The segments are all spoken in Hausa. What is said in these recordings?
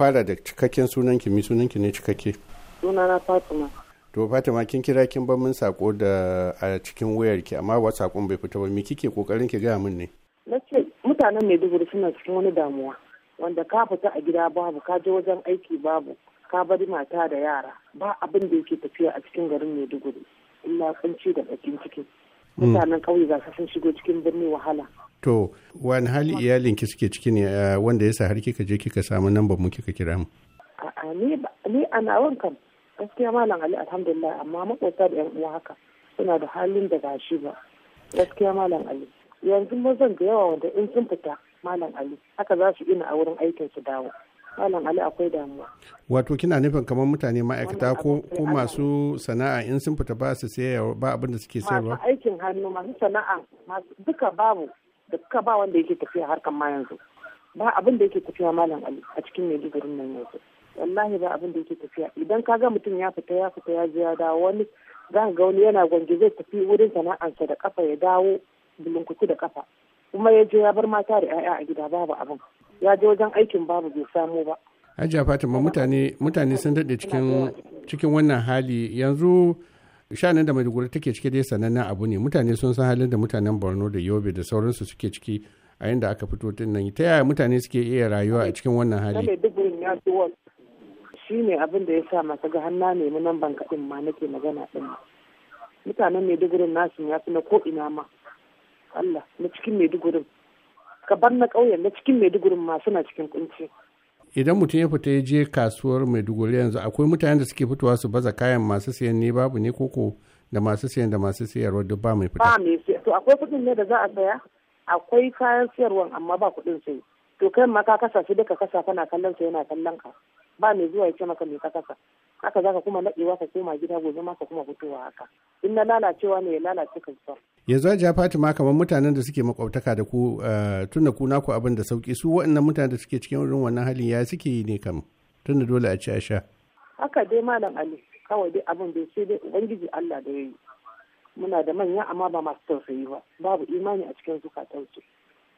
fara da cikakken sunanki mi sunanki ne cikakke sunana fatima to fatima kin kira kin ban min sako da a cikin wayarki amma wa sakon bai fita ba me kike kokarin ki gaya min ne nace mutanen maiduguri suna cikin wani damuwa wanda ka fita a gida babu ka je wajen aiki babu ka bari mata da yara ba abin da yake tafiya a cikin garin maiduguri illa kunci da bakin ciki hmm. mutanen ƙauye ga sun shigo cikin birni wahala to wani hali iyalinki suke ciki ne wanda sa har kika je kika samu nan mu kika kira mu ni a nawan kam gaskiya malam ali alhamdulillah amma makota da yan uwa haka suna da halin da ba shi ba gaskiya malam ali yanzu mazan da yawa wanda in sun fita malam ali haka za su ina a wurin aikin su dawo malam ali akwai damuwa wato kina nufin kamar mutane ma'aikata ko ko masu sana'a in sun fita ba su sayarwa ba abin da suke sayarwa masu aikin hannu masu sana'a masu duka babu da suka ba wanda yake tafiya harkan ma yanzu ba abin da yake tafiya malam ali a cikin maidugurin nan yanzu wallahi ba abin da yake tafiya idan ka ga mutum ya fita ya fita ya je ya dawo wani za ga wani yana gwangi zai tafi wurin sana'arsa da kafa ya dawo bulunkutu da kafa kuma ya je ya bar mata da 'ya'ya a gida babu abin ya je wajen aikin babu bai samu ba hajiya fatima mutane mutane sun daɗe cikin wannan hali yanzu shanin da maiduguri take cike dai sanannen abu ne mutane sun san halin da mutanen borno da yobe da sauransu suke ciki a yadda aka fito tun nan ta yaya mutane suke iya rayuwa a cikin wannan hali shi ne abin da ya sa masu ga hanna ne nan ban kaɗin ma nake magana ɗin mutanen maidugurin nasu ya fi na ko ina ma Allah na cikin maidugurin ka bar na ƙauyen na cikin maidugurin ma suna cikin kunci idan mutum ya fita ya je kasuwar maiduguri yanzu akwai mutanen da suke fitowa su baza kayan masu siyan ne babu ne koko da masu siyan da masu siyarwa duk ba mai fita ba mai siya to akwai kuɗin ne da za a saya akwai kayan siyarwa amma ba kuɗin sai to kai ma ka kasa shi duka kasa kana kallon sa yana kallon ka ba mai zuwa ya ce maka mai ka kasa haka zaka kuma naɗewa ka koma gida gobe ma ka kuma fitowa haka in na lalacewa ne ya lalace ka zuwa yanzu ja fatima kamar mutanen da suke makwabtaka da ku eh, tunda ku abin da sauki su waɗannan mutanen da suke cikin irin wannan halin ya suke yi ne kam tunda dole a ci a sha haka dai malam ali kawai dai abin bai sai dai ubangiji allah da ya yi muna da manya amma ba masu tausayi ba babu imani a cikin zukatansu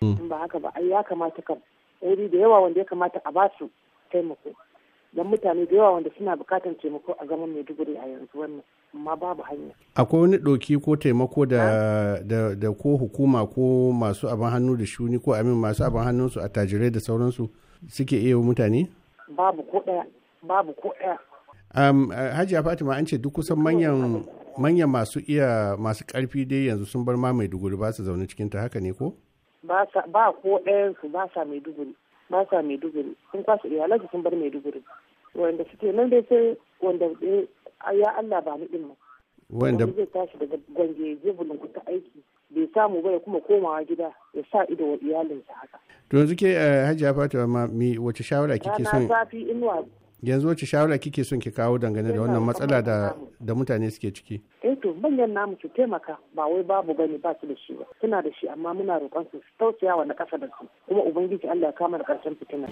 hmm. in ba haka ba ai ya kamata kam ɗari da yawa wanda ya kamata a basu taimako don mutane da yawa wanda suna bukatar taimako a zaman maiduguri a yanzu wannan amma babu hanya akwai wani ɗoki ko taimako da ko hukuma ko masu abin hannu da shuni ko amin masu abin hannunsu a tajirai da sauransu suke iya mutane babu ko ɗaya babu ko ɗaya um, hajiya fatima an ce duk kusan manyan manyan masu iya masu karfi dai yanzu sun bar ma maiduguri ba su zaune cikin ta haka ne ko ba ko ɗayansu ba sa maiduguri ba sa maiduguri sun kwashe iyalansu sun bar maiduguri wanda suke nan dai sai wanda ya Allah ba ni ɗin wanda zai tashi daga gwange je bulunkuta aiki bai samu ba ya kuma komawa gida ya sa ido wa iyalinsa haka to yanzu ke eh, hajiya fatima ma mi wace shawara kike son yanzu wace shawara kike son ki kawo dangane da wannan matsala da mutane suke ciki eh to manyan namu su taimaka ba wai babu bane ba su da shi ba suna da shi amma muna roƙon su su tausaya wa na ƙasa da su kuma ubangiji Allah ya kama da ƙarshen fitina.